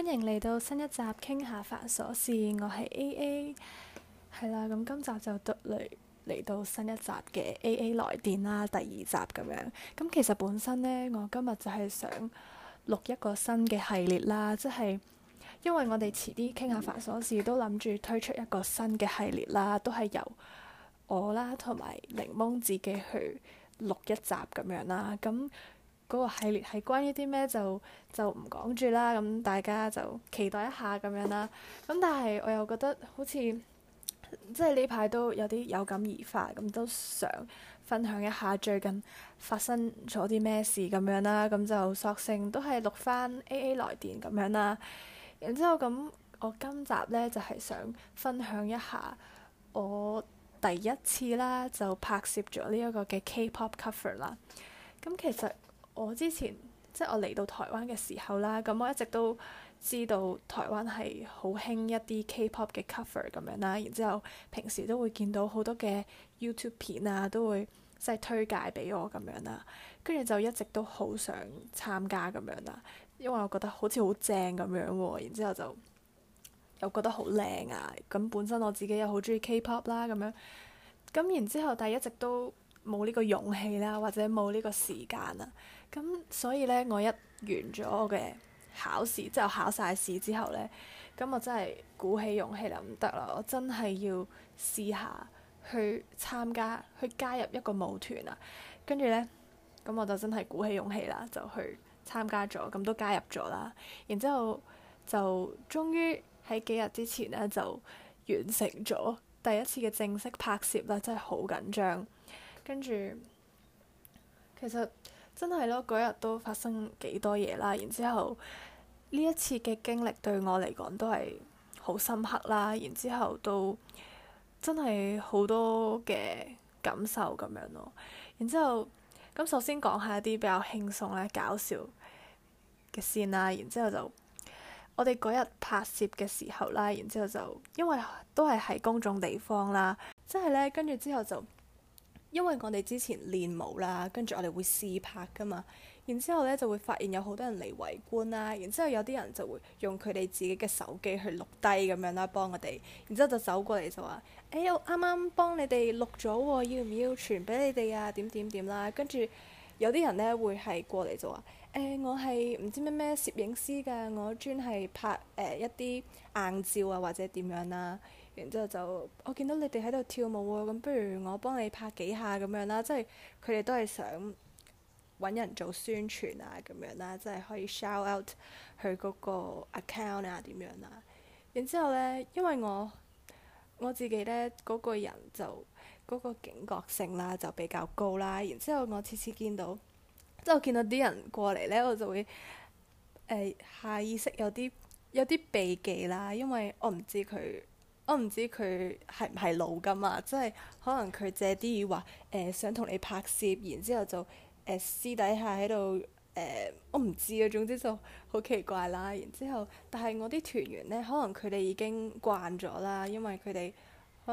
歡迎嚟到新一集，傾下法瑣事。我係 AA，係啦。咁今集就讀嚟嚟到新一集嘅 AA 來電啦，第二集咁樣。咁其實本身呢，我今日就係想錄一個新嘅系列啦，即係因為我哋遲啲傾下法瑣事都諗住推出一個新嘅系列啦，都係由我啦同埋檸檬自己去錄一集咁樣啦。咁嗰個系列係關於啲咩，就就唔講住啦。咁大家就期待一下咁樣啦。咁但係我又覺得好似即係呢排都有啲有感而發，咁都想分享一下最近發生咗啲咩事咁樣啦。咁就索性都係錄翻 AA 來電咁樣啦。然之後咁，我今集呢，就係想分享一下我第一次啦，就拍攝咗呢一個嘅 K-pop cover 啦。咁其實～我之前即係我嚟到台灣嘅時候啦，咁我一直都知道台灣係好興一啲 K-pop 嘅 cover 咁樣啦。然之後平時都會見到好多嘅 YouTube 片啊，都會即係推介俾我咁樣啦。跟住就一直都好想參加咁樣啦，因為我覺得好似好正咁樣喎。然之後就又覺得好靚啊。咁本身我自己又好中意 K-pop 啦，咁樣咁然之後，但係一直都冇呢個勇氣啦，或者冇呢個時間啊。咁所以咧，我一完咗我嘅考試，即係考晒試之後咧，咁我真係鼓起勇氣啦，唔得啦，我真係要試下去參加去加入一個舞團啦。跟住咧，咁我就真係鼓起勇氣啦，就去參加咗，咁都加入咗啦。然之後就終於喺幾日之前咧，就完成咗第一次嘅正式拍攝啦，真係好緊張。跟住其實。真係咯，嗰日都發生幾多嘢啦，然之後呢一次嘅經歷對我嚟講都係好深刻啦，然之後都真係好多嘅感受咁樣咯。然之後咁首先講下一啲比較輕鬆咧、搞笑嘅先啦，然之後就我哋嗰日拍攝嘅時候啦，然之後就因為都係喺公眾地方啦，即係呢，跟住之後就。因為我哋之前練舞啦，跟住我哋會試拍噶嘛，然之後咧就會發現有好多人嚟圍觀啦，然之後有啲人就會用佢哋自己嘅手機去錄低咁樣啦，幫我哋，然之後就走過嚟就話：哎，我啱啱幫你哋錄咗喎，要唔要傳俾你哋啊？點點點啦，跟住有啲人咧會係過嚟就話。誒、呃，我係唔知咩咩攝影師㗎，我專係拍誒、呃、一啲硬照啊，或者點樣啦、啊。然之後就我見到你哋喺度跳舞喎、啊，咁不如我幫你拍幾下咁、啊、樣啦、啊。即係佢哋都係想搵人做宣傳啊，咁樣啦、啊，即係可以 shout out 佢嗰個 account 啊，點樣啦、啊。然之後呢，因為我我自己呢，嗰、那個人就嗰、那個警覺性啦就比較高啦、啊。然之後我次次見到。即係我見到啲人過嚟呢，我就會誒、呃、下意識有啲有啲避忌啦，因為我唔知佢我唔知佢係唔係老㗎嘛，即係可能佢借啲語話想同你拍攝，然之後就誒、呃、私底下喺度誒，我唔知啊，總之就好奇怪啦。然之後，但係我啲團員呢，可能佢哋已經慣咗啦，因為佢哋。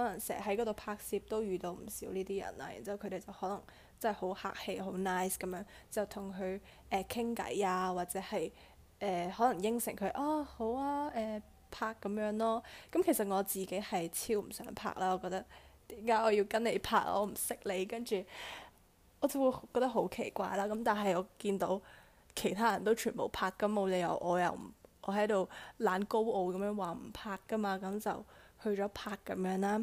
可能成日喺嗰度拍攝都遇到唔少呢啲人啦，然之後佢哋就可能真係好客氣，好 nice 咁樣就同佢誒傾偈啊，或者係誒、呃、可能應承佢啊，好啊，誒、呃、拍咁樣咯。咁其實我自己係超唔想拍啦，我覺得點解我要跟你拍？我唔識你，跟住我就會覺得好奇怪啦。咁但係我見到其他人都全部拍，咁冇理由我又唔我喺度懶高傲咁樣話唔拍噶嘛，咁就～去咗拍咁樣啦，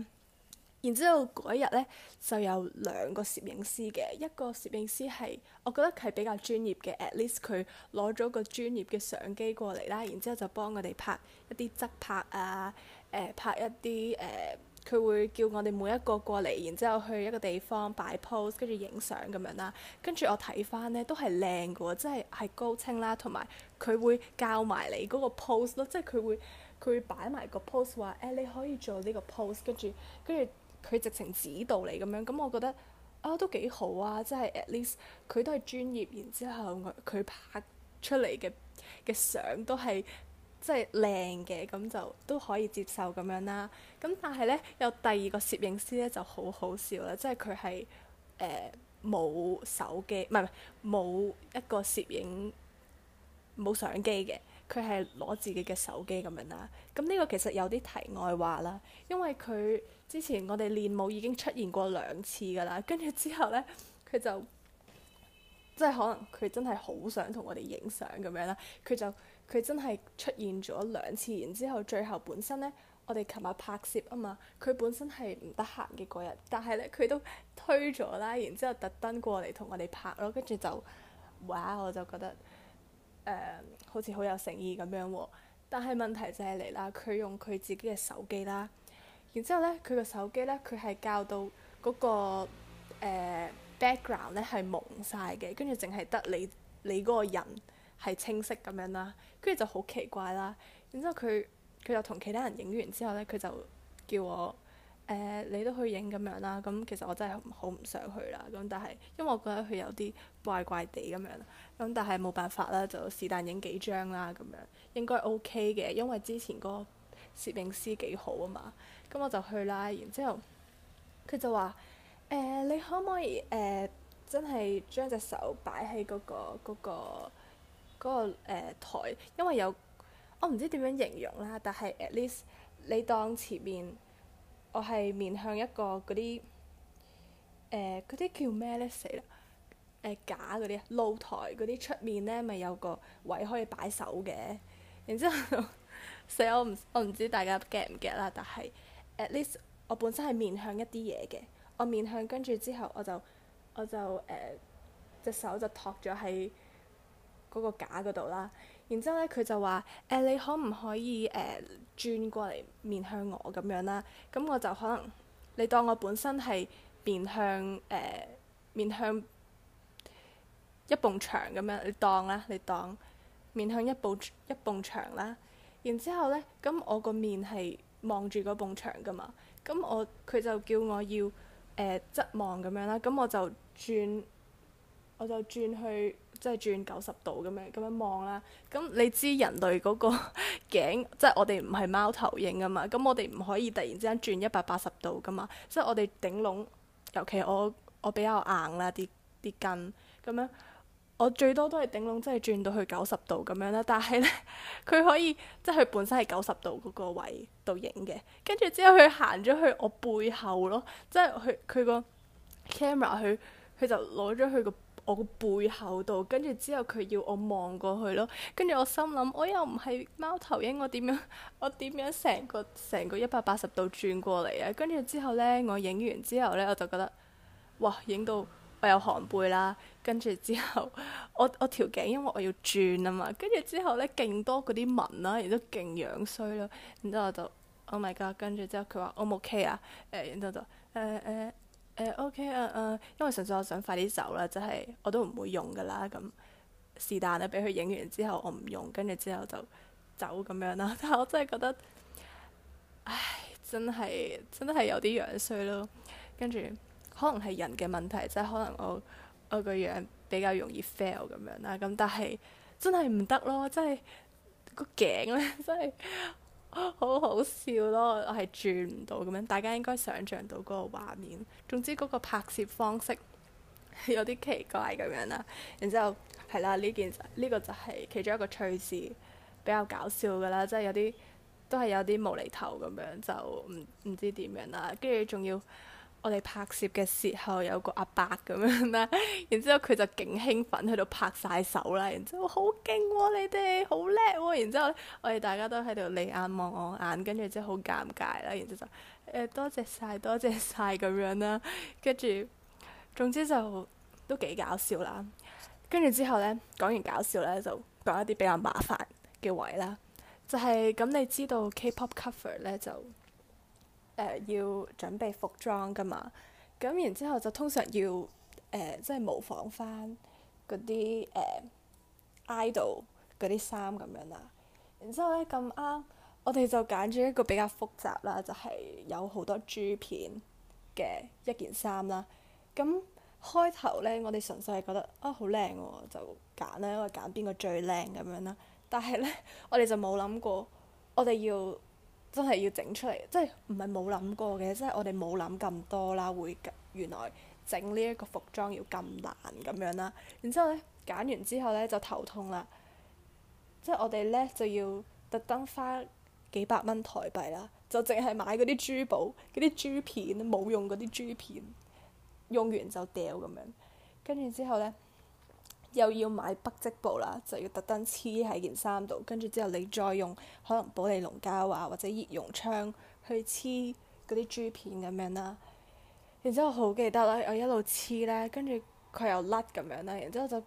然之後嗰一日呢，就有兩個攝影師嘅，一個攝影師係我覺得佢係比較專業嘅，at least 佢攞咗個專業嘅相機過嚟啦，然之後就幫我哋拍一啲側拍啊，誒、呃、拍一啲誒，佢、呃、會叫我哋每一個過嚟，然之後去一個地方擺 pose，跟住影相咁樣啦。跟住我睇返呢，都係靚嘅喎，即係係高清啦，同埋佢會教埋你嗰個 pose 咯，即係佢會。佢擺埋個 pose 話，誒你可以做呢個 pose，跟住跟住佢直情指導你咁樣，咁我覺得啊都幾好啊，即係 at least 佢都係專業，然之後佢拍出嚟嘅嘅相都係即係靚嘅，咁就都可以接受咁樣啦。咁但係呢，有第二個攝影師呢就好好笑啦，即係佢係誒冇手機，唔係唔係冇一個攝影冇相機嘅。佢係攞自己嘅手機咁樣啦，咁呢個其實有啲題外話啦，因為佢之前我哋練舞已經出現過兩次噶啦，跟住之後呢，佢就即係可能佢真係好想同我哋影相咁樣啦，佢就佢真係出現咗兩次，然之後最後本身呢，我哋琴日拍攝啊嘛，佢本身係唔得閒嘅嗰日，但係呢，佢都推咗啦，然之後特登過嚟同我哋拍咯，跟住就哇我就覺得～誒、呃、好似好有誠意咁樣喎，但係問題就係嚟啦，佢用佢自己嘅手機啦，然之後呢，佢個手機呢，佢係教到嗰、那個、呃、background 呢係蒙晒嘅，跟住淨係得你你嗰個人係清晰咁樣啦，跟住就好奇怪啦，然之後佢佢就同其他人影完之後呢，佢就叫我。誒、呃，你都去影咁樣啦，咁其實我真係好唔想去啦。咁但係，因為我覺得佢有啲怪怪地咁樣，咁但係冇辦法啦，就是但影幾張啦咁樣，應該 OK 嘅，因為之前嗰攝影師幾好啊嘛。咁、嗯、我就去啦，然之後佢就話：誒、呃，你可唔可以誒、呃、真係將隻手擺喺嗰個嗰、嗰個嗰、嗰個誒、嗰個呃、枱？因為有我唔知點樣形容啦，但係 at least 你當前面。我係面向一個嗰啲，誒嗰啲叫咩咧？死啦！誒架嗰啲，露台嗰啲出面咧，咪有個位可以擺手嘅。然之後，死 我唔我唔知大家 get 唔 get 啦，但係 at least 我本身係面向一啲嘢嘅。我面向，跟住之後我，我就我就誒隻手就托咗喺嗰個架嗰度啦。然之後咧，佢就話：誒、呃，你可唔可以誒轉、呃、過嚟面向我咁樣啦？咁我就可能你當我本身係面向誒、呃、面向一埲牆咁樣，你當啦，你當面向一埲一埲牆啦。然之後咧，咁我個面係望住嗰埲牆㗎嘛。咁我佢就叫我要誒側、呃、望咁樣啦。咁我就轉，我就轉去。即係轉九十度咁樣咁樣望啦，咁、嗯、你知人類嗰個頸，即係我哋唔係貓頭鷹啊嘛，咁我哋唔可以突然之間轉一百八十度噶嘛，即係我哋頂籠，尤其我我比較硬啦啲啲筋，咁樣我最多都係頂籠，即係轉到去九十度咁樣啦，但係咧佢可以，即係佢本身係九十度嗰個位度影嘅，跟住之後佢行咗去我背後咯，即係佢佢個 camera 佢佢就攞咗佢個。我個背後度，跟住之後佢要我望過去咯，跟住我心諗，我又唔係貓頭鷹，我點樣？我點樣成個成個一百八十度轉過嚟啊？跟住之後呢，我影完之後呢，我就覺得，哇！影到我有寒背啦，跟住之後，我我條頸因為我要轉啊嘛，跟住之後呢，勁多嗰啲紋啦，亦都勁樣衰咯。然之後我就，oh my god！跟住之後佢話，我冇 K 啊，誒然之後就，誒、uh, 誒、uh, uh。OK 啊啊，uh, okay, uh, 因為純粹我想快啲走啦，即係我都唔會用噶啦，咁是但啦，俾佢影完之後我唔用，跟住之後就走咁樣啦。但係我真係覺得，唉，真係真係有啲樣衰咯。跟住可能係人嘅問題，即係可能我我個樣比較容易 fail 咁樣啦。咁但係真係唔得咯，真係個頸咧真係。 好好笑咯，我係轉唔到咁樣，大家應該想像到嗰個畫面。總之嗰個拍攝方式有啲奇怪咁樣啦，然之後係啦，呢件呢個就係其中一個趣事，比較搞笑㗎啦，即係有啲都係有啲無厘頭咁樣，就唔唔知點樣啦，跟住仲要，我哋拍攝嘅時候有個阿伯咁樣啦，然之後佢就勁興奮，喺度拍晒手啦，然之後好勁喎你哋，好叻喎，然之後我哋大家都喺度你眼望我眼，跟住之後好尷尬啦，然之後就誒多謝晒，多謝晒咁樣啦，跟住總之就都幾搞笑啦，跟住之後呢，講完搞笑呢，就講一啲比較麻煩嘅位啦，就係咁你知道 K-pop cover 呢就。呃、要準備服裝噶嘛，咁然之後就通常要、呃、即係模仿翻嗰啲誒 idol 嗰啲衫咁樣啦。然之後咧咁啱，我哋就揀咗一個比較複雜、就係、啦，就係有好多珠片嘅一件衫啦。咁開頭呢，我哋純粹係覺得啊好靚喎，就揀啦，因為揀邊個最靚咁樣啦。但係呢，我哋就冇諗過，我哋要。真係要整出嚟，即係唔係冇諗過嘅，即係我哋冇諗咁多啦，會原來整呢一個服裝要咁難咁樣啦。然之後呢，揀完之後呢就頭痛啦。即係我哋呢就要特登花幾百蚊台幣啦，就淨係買嗰啲珠寶、嗰啲珠片，冇用嗰啲珠片，用完就掉咁樣。跟住之後呢。又要買不織布啦，就要特登黐喺件衫度，跟住之後你再用可能保麗龍膠啊或者熱熔槍去黐嗰啲珠片咁樣啦。然之後好記得啦，我一路黐咧，跟住佢又甩咁樣啦，然之後就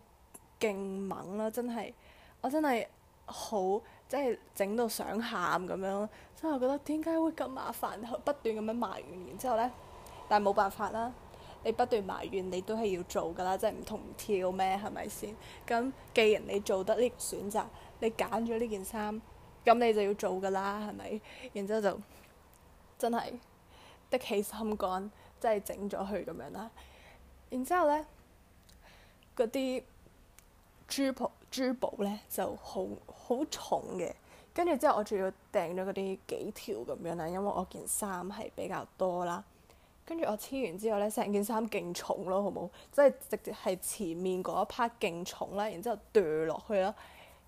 勁猛啦，真係我真係好即係整到想喊咁樣。所以我覺得點解會咁麻煩，不斷咁樣麻完，然之後咧，但係冇辦法啦。你不斷埋怨，你都係要做㗎啦，即係唔同跳咩，係咪先？咁既然你做得呢個選擇，你揀咗呢件衫，咁你就要做㗎啦，係咪？然之後就真係的起心肝，即係整咗佢咁樣啦。然之後咧，嗰啲珠寶珠寶咧就好好重嘅，跟住之後我仲要訂咗嗰啲幾條咁樣啦，因為我件衫係比較多啦。跟住我黐完之後咧，成件衫勁重咯，好冇，即係直接係前面嗰一 part 勁重啦，然之後墜落去啦。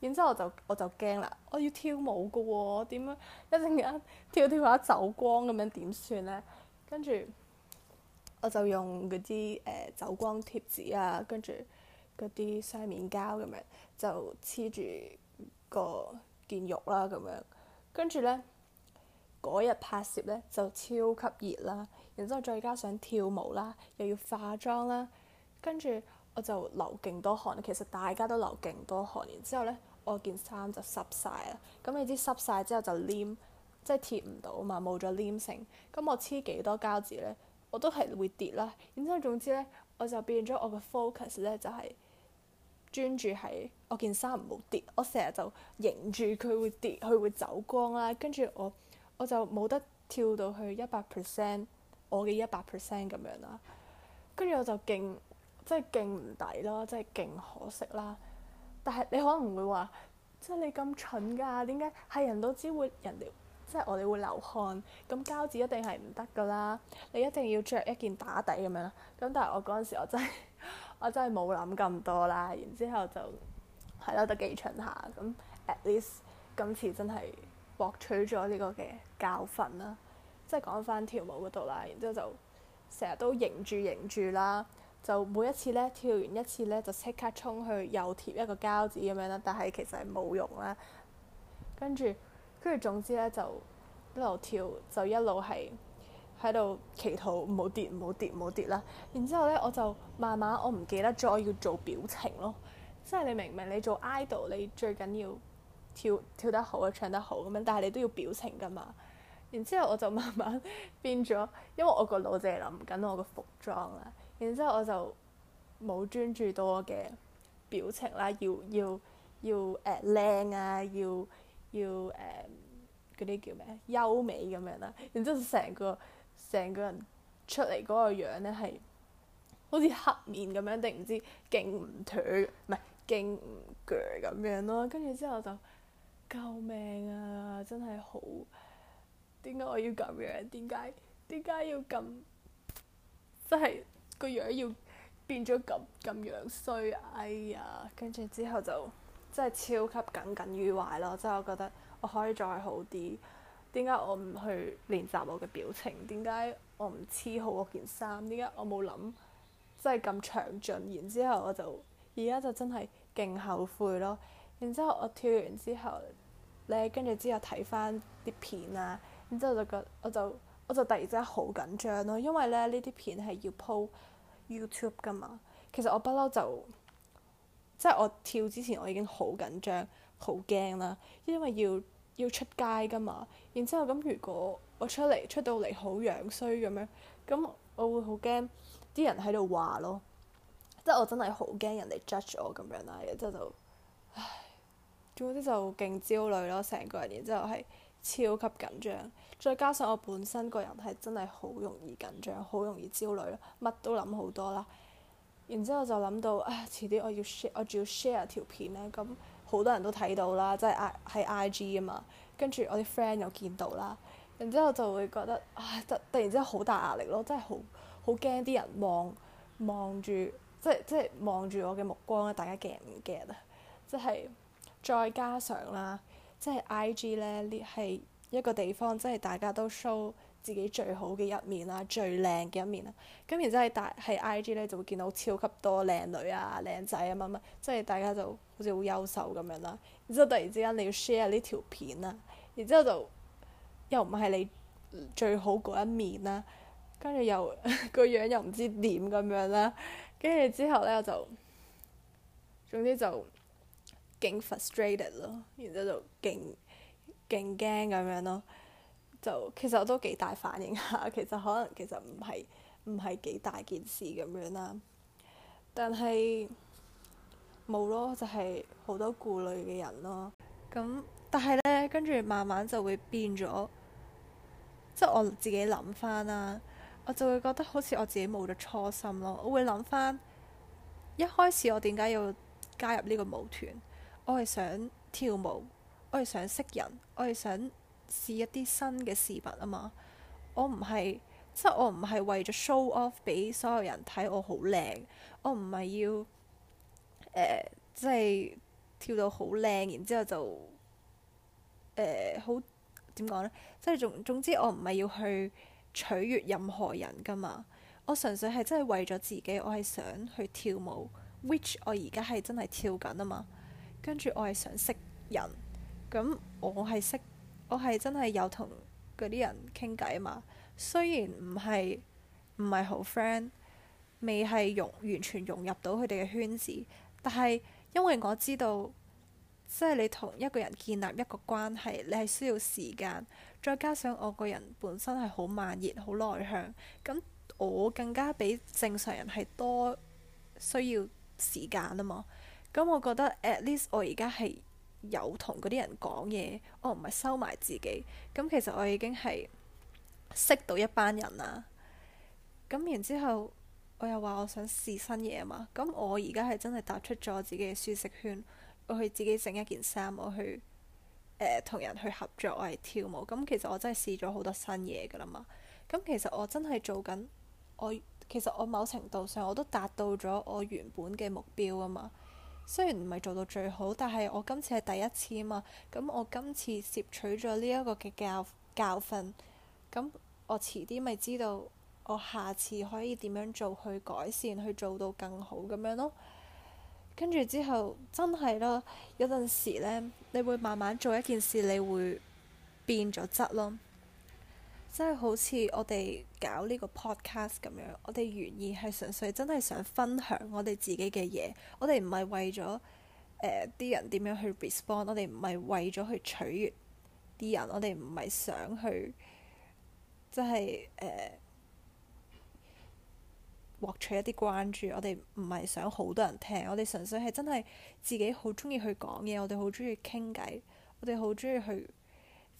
然之後我就我就驚啦，我要跳舞嘅喎、哦，點樣一陣間跳跳下走光咁樣點算咧？跟住我就用嗰啲誒走光貼紙啊，跟住嗰啲雙面膠咁樣就黐住個件肉啦咁樣。跟住咧嗰日拍攝咧就超級熱啦。然之後再加上跳舞啦，又要化妝啦，跟住我就流勁多汗。其實大家都流勁多汗。然之後呢，我件衫就濕晒啦。咁你知濕晒之後就黏，即係貼唔到嘛，冇咗黏性。咁我黐幾多膠紙呢，我都係會跌啦。然之後總之呢，我就變咗我嘅 focus 呢，就係、是、專注喺我件衫唔好跌。我成日就迎住佢會跌，佢會走光啦。跟住我我就冇得跳到去一百 percent。我嘅一百 percent 咁樣啦，跟住我就勁，即係勁唔抵咯，即係勁可惜啦。但係你可能會話，即係你咁蠢㗎？點解係人都知會人哋，即係我哋會流汗，咁膠紙一定係唔得㗎啦。你一定要着一件打底咁樣啦。咁但係我嗰陣時我，我真係我真係冇諗咁多啦。然之後就係啦，都幾蠢下。咁 at least 今次真係獲取咗呢個嘅教訓啦。即係講翻跳舞嗰度啦，然之後就成日都迎住迎住啦，就每一次咧跳完一次咧，就即刻衝去又貼一個膠紙咁樣啦。但係其實係冇用啦。跟住，跟住總之咧就一路跳，就一路係喺度祈禱唔好跌唔好跌唔好跌啦。然之後咧我就慢慢我唔記得咗，要做表情咯。即係你明唔明，你做 idol，你最緊要跳跳得好啊，唱得好咁樣，但係你都要表情噶嘛。然之後我就慢慢變咗，因為我個腦就係諗緊我個服裝啦。然之後我就冇專注到我嘅表情啦，要要要誒靚、呃、啊，要要誒嗰啲叫咩？優美咁樣啦。然之後成個成個人出嚟嗰個樣咧，係好似黑面咁樣，定唔知勁唔妥，唔係勁唔鋸咁樣咯。跟住之後就救命啊！真係好～.點解我要咁樣？點解點解要咁？即係個樣要變咗咁咁樣衰，哎呀，跟住之後就真係超級耿耿於懷咯！即係我覺得我可以再好啲。點解我唔去練習我嘅表情？點解我唔黐好我件衫？點解我冇諗？真係咁詳盡。然之後我就而家就真係勁後悔咯。然之後我跳完之後咧，跟住之後睇翻啲片啊～然之後就覺，我就我就突然之間好緊張咯，因為咧呢啲片係要 post YouTube 噶嘛。其實我不嬲就，即係我跳之前我已經好緊張，好驚啦，因為要要出街噶嘛。然之後咁，如果我出嚟出到嚟好樣衰咁樣，咁我會好驚啲人喺度話咯。即係我真係好驚人哋 judge 我咁樣啦，然之後就，唉，總之就勁焦慮咯，成個人然之後係、就是。超級緊張，再加上我本身個人係真係好容易緊張，好容易焦慮，乜都諗好多啦。然之後就諗到啊，遲啲我要 share，我仲要 share 條片咧，咁好多人都睇到啦，即係 I 喺 IG 啊嘛。跟住我啲 friend 又見到啦，然之後就會覺得唉，突突然之間好大壓力咯，真係好好驚啲人望望住，即係即係望住我嘅目光咧，大家 get 唔 get 啊？即係再加上啦。即係 IG 咧，呢係一個地方，即係大家都 show 自己最好嘅一面啦，最靚嘅一面啦。咁然之後喺大喺 IG 咧，就會見到超級多靚女啊、靚仔啊乜乜，即係大家就好似好優秀咁樣啦。然之後突然之間你要 share 呢條片啦，然之後就又唔係你最好嗰一面啦，跟住又個 樣又唔知點咁樣啦，跟住之後咧我就總之就，勁 frustrated 咯，然之後就勁勁驚咁樣咯，就其實我都幾大反應吓。其實可能其實唔係唔係幾大件事咁樣啦，但係冇咯，就係、是、好多顧慮嘅人咯。咁、嗯、但係呢，跟住慢慢就會變咗，即、就、係、是、我自己諗返啦，我就會覺得好似我自己冇咗初心咯。我會諗返一開始我點解要加入呢個舞團？我係想跳舞，我係想識人，我係想試一啲新嘅事物啊嘛。我唔係即係我唔係為咗 show off 俾所有人睇我好靚，我唔係要即係，呃，跳到好靚，然之後就誒好點講呢？即係總總之，我唔係要去取悅任何人噶嘛。我純粹係真係為咗自己，我係想去跳舞，which 我而家係真係跳緊啊嘛。跟住我係想識人，咁我係識我係真係有同嗰啲人傾偈啊嘛。雖然唔係唔係好 friend，未係融完全融入到佢哋嘅圈子，但係因為我知道，即係你同一個人建立一個關係，你係需要時間。再加上我個人本身係好慢熱、好內向，咁我更加比正常人係多需要時間啊嘛。咁，我覺得 at least 我而家係有同嗰啲人講嘢，我唔係收埋自己。咁其實我已經係識到一班人啦。咁然之後，我又話我想試新嘢嘛。咁我而家係真係踏出咗自己嘅舒適圈，我去自己整一件衫，我去誒同、呃、人去合作，我係跳舞。咁其實我真係試咗好多新嘢㗎喇嘛。咁其實我真係做緊，我其實我某程度上我都達到咗我原本嘅目標吖嘛。雖然唔係做到最好，但係我今次係第一次啊嘛，咁我今次攝取咗呢一個嘅教教訓，咁我遲啲咪知道我下次可以點樣做去改善，去做到更好咁樣咯。跟住之後真係咯，有陣時呢，你會慢慢做一件事，你會變咗質咯。即係好似我哋搞呢個 podcast 咁樣，我哋原意係純粹真係想分享我哋自己嘅嘢。我哋唔係為咗誒啲人點樣去 respond，我哋唔係為咗去取悅啲人，我哋唔係想去即係誒獲取一啲關注。我哋唔係想好多人聽，我哋純粹係真係自己好中意去講嘢，我哋好中意傾偈，我哋好中意去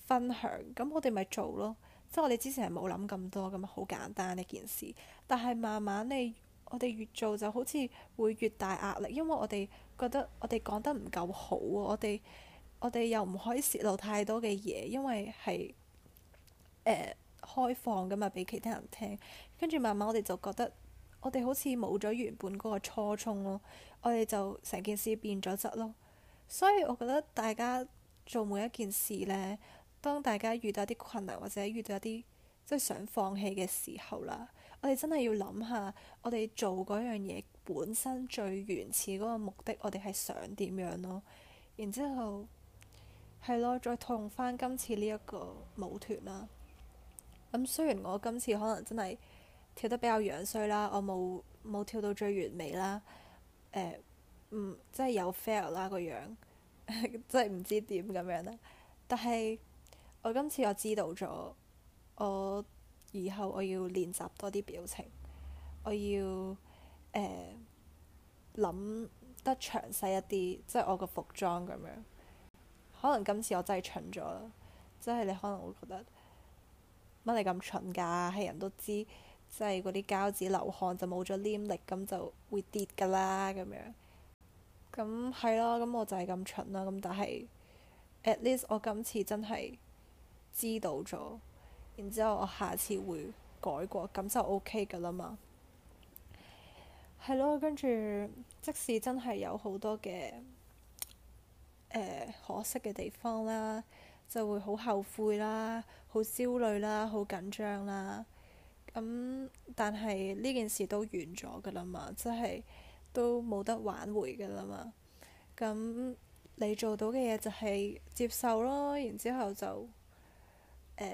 分享。咁我哋咪做咯。即係我哋之前係冇諗咁多咁，好簡單一件事。但係慢慢你，我哋越做就好似會越大壓力，因為我哋覺得我哋講得唔夠好喎，我哋我哋又唔可以泄露太多嘅嘢，因為係誒、呃、開放㗎嘛，俾其他人聽。跟住慢慢我哋就覺得我哋好似冇咗原本嗰個初衷咯，我哋就成件事變咗質咯。所以我覺得大家做每一件事咧。當大家遇到一啲困難，或者遇到一啲即係想放棄嘅時候啦，我哋真係要諗下，我哋做嗰樣嘢本身最原始嗰個目的，我哋係想點樣咯？然之後係咯，再套用翻今次呢一個舞團啦。咁、嗯、雖然我今次可能真係跳得比較樣衰啦，我冇冇跳到最完美啦、呃嗯，即係有 fail 啦個樣，即係唔知點咁樣啦，但係。我今次我知道咗，我以後我要練習多啲表情，我要誒諗、呃、得詳細一啲，即係我個服裝咁樣。可能今次我真係蠢咗啦，即係你可能會覺得乜你咁蠢㗎？係人都知，即係嗰啲膠紙流汗就冇咗黏力，咁就會跌㗎啦。咁樣咁係咯，咁、嗯、我就係咁蠢啦。咁但係 at least 我今次真係，知道咗，然之後我下次會改過，咁就 OK 噶啦嘛。係咯，跟住即使真係有好多嘅、呃、可惜嘅地方啦，就會好後悔啦，好焦慮啦，好緊張啦。咁、嗯、但係呢件事都完咗噶啦嘛，即係都冇得挽回噶啦嘛。咁、嗯、你做到嘅嘢就係接受咯，然之後就～誒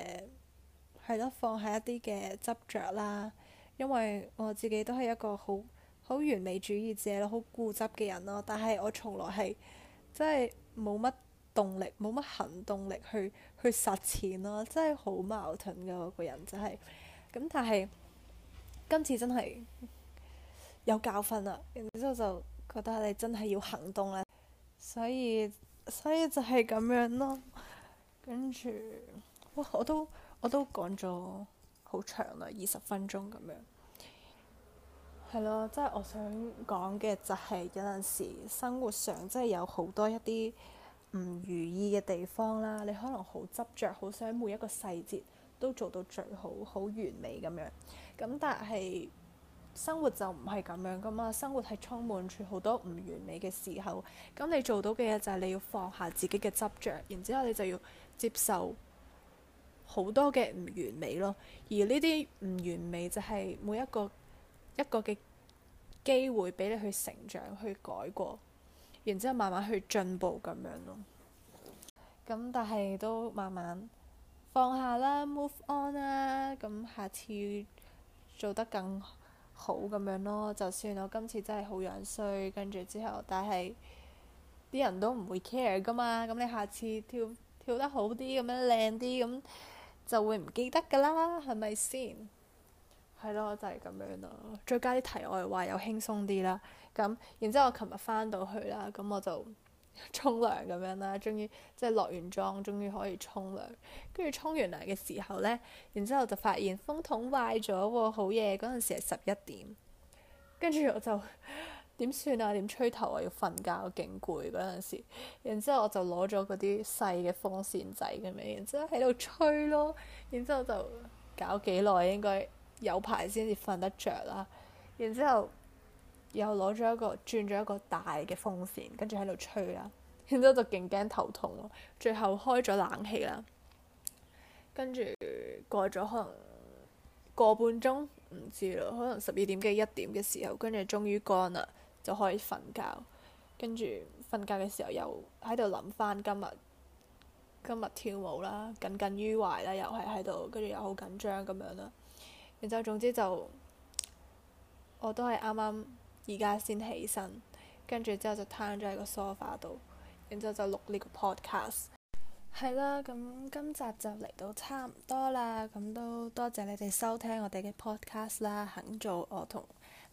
係咯，放下一啲嘅執着啦。因為我自己都係一個好好完美主義者咯，好固執嘅人咯。但係我從來係真係冇乜動力，冇乜行動力去去實踐咯。真係好矛盾嘅個人，真係咁。但係今次真係有教訓啦，然之後就覺得你真係要行動啦。所以所以就係咁樣咯，跟住。我都我都講咗好長啦，二十分鐘咁樣係咯。即係我想講嘅就係有陣時生活上即係有好多一啲唔如意嘅地方啦。你可能好執着，好想每一個細節都做到最好、好完美咁樣。咁但係生活就唔係咁樣噶嘛。生活係充滿住好多唔完美嘅時候。咁你做到嘅嘢就係你要放下自己嘅執着，然之後你就要接受。好多嘅唔完美咯，而呢啲唔完美就係每一個一個嘅機會俾你去成長、去改過，然之後慢慢去進步咁樣咯。咁但係都慢慢放下啦，move on 啦。咁下次做得更好咁樣咯。就算我今次真係好樣衰，跟住之後，但係啲人都唔會 care 噶嘛。咁你下次跳跳得好啲，咁樣靚啲咁。就會唔記得㗎啦，係咪先？係咯，就係、是、咁樣咯。再加啲題外話又輕鬆啲啦。咁然之後我琴日返到去啦，咁我就沖涼咁樣啦。終於即係落完妝，終於可以沖涼。跟住沖完涼嘅時候呢，然之後就發現風筒壞咗喎，好夜，嗰陣時係十一點。跟住我就。點算啊？點吹頭啊？要瞓覺，勁攰嗰陣時。然之後我就攞咗嗰啲細嘅風扇仔咁樣，然之後喺度吹咯。然之後就搞幾耐，應該有排先至瞓得着啦。然之後又攞咗一個轉咗一個大嘅風扇，跟住喺度吹啦。然之後就勁驚頭痛咯，最後開咗冷氣啦。跟住過咗可能個半鐘，唔知咯，可能十二點幾一點嘅時候，跟住終於乾啦。就可以瞓覺，跟住瞓覺嘅時候又喺度諗翻今日今日跳舞啦，耿耿於懷啦，又係喺度，跟住又好緊張咁樣啦。然之後總之就我都係啱啱而家先起身，跟住之後就攤咗喺個 sofa 度，然之後就錄呢個 podcast。係啦，咁今集就嚟到差唔多啦，咁都多謝你哋收聽我哋嘅 podcast 啦，肯做我同